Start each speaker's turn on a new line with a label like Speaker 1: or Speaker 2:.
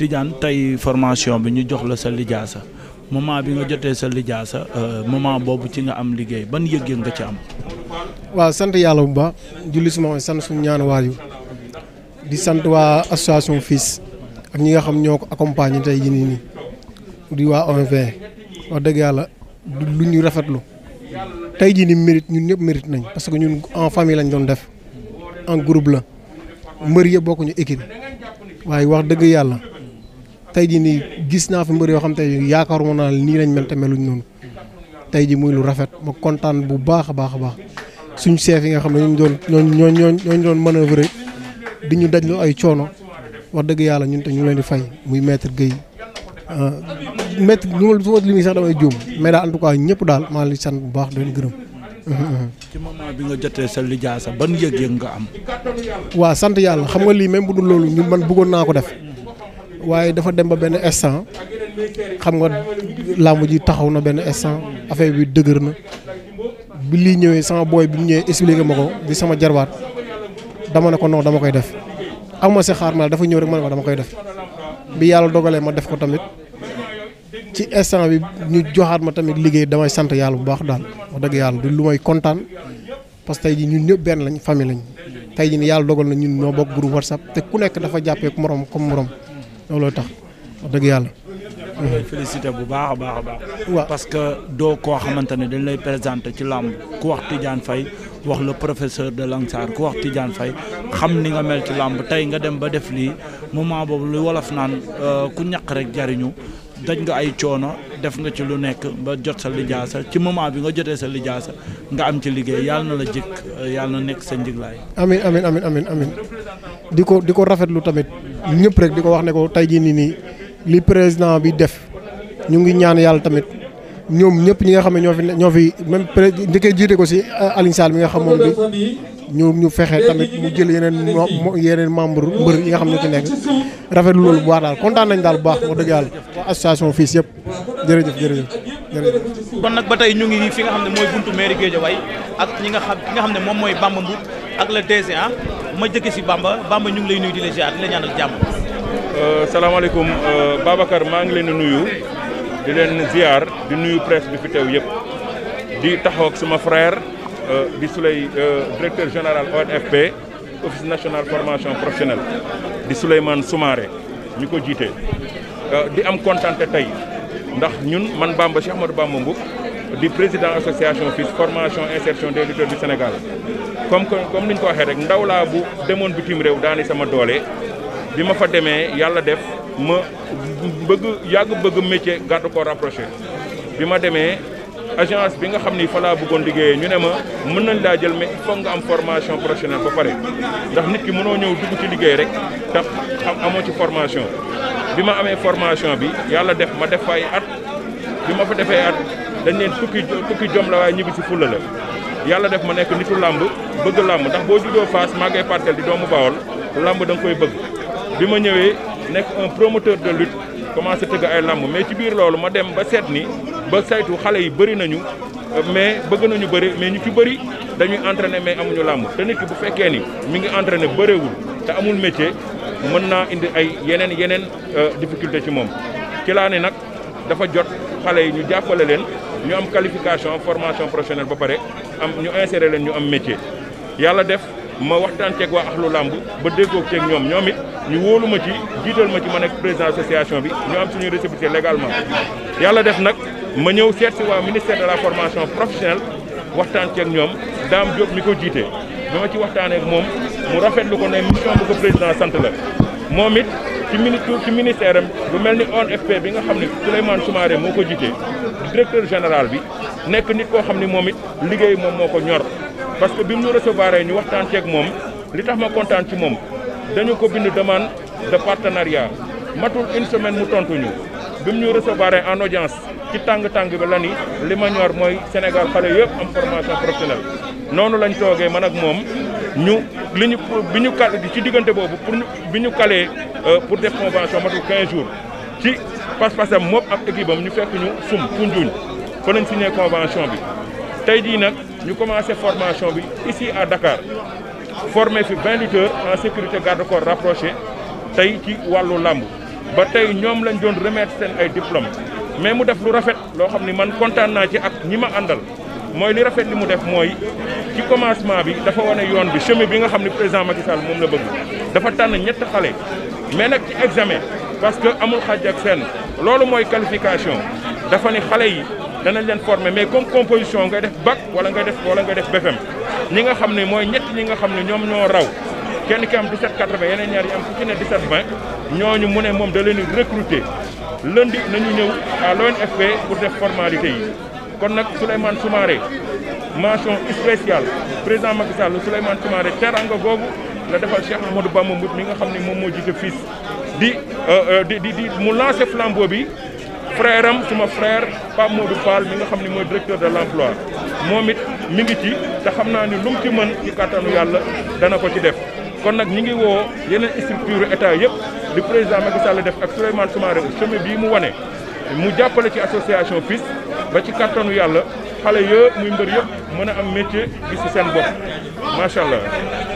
Speaker 1: Tidiane tey formation bi ñu jox la sa lijaasa moment bi nga jotee sa lijaasa euh, moment boobu ci nga am liggéey ban yëg-yëg nga ci am.
Speaker 2: waaw sant yàlla bu ba julli suma mooy sant suñu ñaan di sant waa association FILS ak ñi nga xam ñoo ko accompagner tey ji nii di waa OMV dëgg yàlla du lu ñu rafetlu tey jii ni mérite ñun yëpp mérit nañ parce que ñun en famille lañ doon def en groupe la mbër yëpp bokkuñu équipe waaye wax dëgg yàlla. tey jii nii gis naa fi mbër yoo xam tey yaakaaruma naa nii lañ mel te meluñ noonu tey jii muy lu rafet ma kontaan bu baax a baax a baax suñu chef yi nga xam ne ñooñu doon ñooñu ñooñu ñooñu doon manoeuvre di ñu dajlu ay coono wax dëgg yàlla ñun te ñu leen di fay muy maître Guèye euh, maître lu ma su ma sax damay juum mais daal en tout ñëpp daal maa ngi sant bu baax gërëm. ci
Speaker 1: moment bi nga jotee sa ban yëg
Speaker 2: nga am. waa sant yàlla xam nga lii même bu dul man bëggoon naa ko def. waaye dafa dem ba benn instant xam nga làmb ji taxaw na benn instant affaire bi dëgër na bi lii ñëwee sama booy bi mu ñëwee expliqué ma ko di sama jarbaat dama ne ko non dama koy def am ma si xaar ma dafa ñëw rek ma ne ko dama koy def bi yàlla dogalee ma def ko tamit ci instant bi ñu joxaat ma tamit liggéey damay sant yàlla bu baax daal wax dëgg yàlla du lu may kontaan parce que tey jii ñun ñëpp benn lañ famille lañ tey jii ni yàlla dogal na ñun ñoo bokk groupe te ku nekk dafa jàppee moroom comme moroom looloo tax wax dëgg yàlla.
Speaker 1: ñu bu baax a baax a baax. waaw parce que doo koo xamante ne dañ lay présenté ci làmb ku wax Tidiane Faye wax la professeur de Langsar ku wax Tidiane Faye xam ni nga mel ci làmb tey nga dem ba def lii moment boobu lu wolof naan euh, ku ñaq rek jariñu daj nga ay coono def nga ci lu nekk ba jot sa lijaasa ci moment bi nga jotee sa lijaasa nga am ci liggéey yàlla na la jëkk yàlla na nekk sa njëglaay.
Speaker 2: amiin amiin amiin di ko di ko rafetlu tamit ñëpp rek di ko wax ne ko tey jii nii nii li président bi def ñu ngi ñaan yàlla tamit ñoom ñëpp ñi nga xam ne ñoo fi ñoo fi même njëkkee jiite ko si euh, Alioune Sall mi nga xam moom bi ñu ñu fexe tamit mu jël yeneen yeneen membre mbër yi nga xam ne ci nekk rafetlu loolu bu baax daal kontaan nañ daal bu baax moo dëgg yàlla association fils yëpp jërëjëf jërëjëf
Speaker 1: kon nag ba tey ñu ngi fi nga xam ne mooy buntu mairie Guédiawaye ak ñi nga xam ki nga xam ne moom mooy Bamba Mboup ak le DGA ma jëkke si Bamba Bamba ñu ngi lay nuyu di la ziar di la ñaanal jàmm. Euh, salaamaaleykum euh, Babacar maa ngi leen di nuyu di leen ziar di nuyu presse bi fi teew yëpp di taxaw ak suma frère euh, di Souley directeur général ONFP office national formation professionnelle di Souleymane Soumaré ñu ko jiite di am kontaan tey. ndax ñun man Bamba Cheikh Amadou Bamba Mboup di président association FILS formation insertion des lutteurs du Sénégal comme comme ni ñu ko waxee rek ndaw laa bu demoon bitim réew daani sama doole bi ma fa demee yàlla def ma bëgg yàgg bëgg métier garde corps rapproché bi ma demee agence bi nga xam ni fa laa bëggoon liggéeye ñu ne ma mën nañ laa jël mais il nga am formation professionnelle ba pare ndax nit ki mënoo ñëw dugg ci liggéey rek tax am amoo ci formation bi ma amee formation bi yàlla def ma bi ma fa defee at dañ leen tukki tukki jom la waaye ñibbi si fulla la yàlla def ma nekk nitu làmb bëgg làmb ndax boo juddoo Fass màggee parcelle di doomu Bawol làmb da nga koy bëgg bi ma ñëwee nekk un promoteur de lutte commencé tëgg ay làmb mais ci biir loolu ma dem ba seet ni ba saytu xale yi bëri nañu mais bëgg nañu bëri mais ñu ci bëri dañuy entraîner mais amuñu làmb te nit ki bu fekkee ni mu ngi entraîner bëreewul te amul métier mën naa indi ay yeneen yeneen euh, difficulté ci moom ci nag dafa jot xale yi ñu jàppale leen ñu am qualification formation professionnelle ba pare am ñu insérer leen ñu am métier yàlla def ma waxtaan ceeg waa axlu làmb ba déggoo ceeg ñoom ñoom it ñu wóolu ma ci jiital ma ci ma nekk président association bi ñu am suñuy récépissé légalement yàlla def nag ma ñëw seet si waa ministère de la formation professionnelle waxtaan ceeg ñoom daam Diop mi ko jiite bi ma ci waxtaanee moom mu rafetlu ko ne mission bu ko président sant la ci ministre ci ministère am lu mel ni ONFP bi nga xam ne Souleymane Soumaré moo ko jiite directeur général bi nekk nit koo xam ne moom liggéey moom moo ko ñor parce que bi mu ñu ñu waxtaan ceeg moom li tax ma kontaan ci moom dañu ko bind demande de partenariat matul une semaine mu tontu ñu bi mu en audience ci tàng-tàng bi la ni li ma ñor mooy Sénégal xale yëpp am formation professionnelle noonu lañ toogee man ak moom ñu li ñu bi ñu kal ci diggante boobu pour bi ñu kalee Euh, pour def convention matul 15 jours ci pas-pasam moom ak équipe am ñu fekk ñu sum Foundiougne fa nañ signé convention bi tey jii nag ñu commencé formation bi isi à Dakar forme fi 20 lutteurs en sécurité garde corps rapproché tey ci wàllu làmb ba tey ñoom lañ doon remettre seen ay diplôme mais mu def lu rafet loo xam ni man kontaan naa ci ak ñi ma àndal mooy li rafet li mu def mooy ci commencement bi dafa wane yoon bi chemin bi nga xam ne président Macky Sall moom la bëggu dafa tànn ñett xale mais nag ci examen parce que amul xaj seen loolu mooy qualification dafa ni xale yi danañ leen former mais comme composition nga def bac wala nga def wala nga def BFEM ñi nga xam ne mooy ñett ñi nga xam ne ñoom ñoo raw kenn ki am 17 80 yeneen ñaar yi am ku ci ne 17 20 ñooñu mu ne moom da leen di recruter lundi nañu ñëw à l'ONFP pour def formalité yi kon nag Souleymane Soumaré mention spéciale président Macky Sall Souleymane Soumaré teranga googu la defal Cheikh Amadou Bamba Mboup mi nga xam ne moom moo jiite fils di euh, euh, di di di mu lancé flambeau bi frère am suma frère Pape Modou Fall mi nga xam ni mooy directeur de l'emploi moom it mi ngi ci te xam naa ni lu ci mën ci kàttanu yàlla dana ko ci def kon nag ñi ngi woo yeneen structure état yëpp li président ma Sall def ak Souleymane Soumaré chemin bii mu wane mu jàppale ci association FILS ba ci kàttanu yàlla xale yëpp muy mbër yëpp mën a am métier gis ci seen bopp macha allah.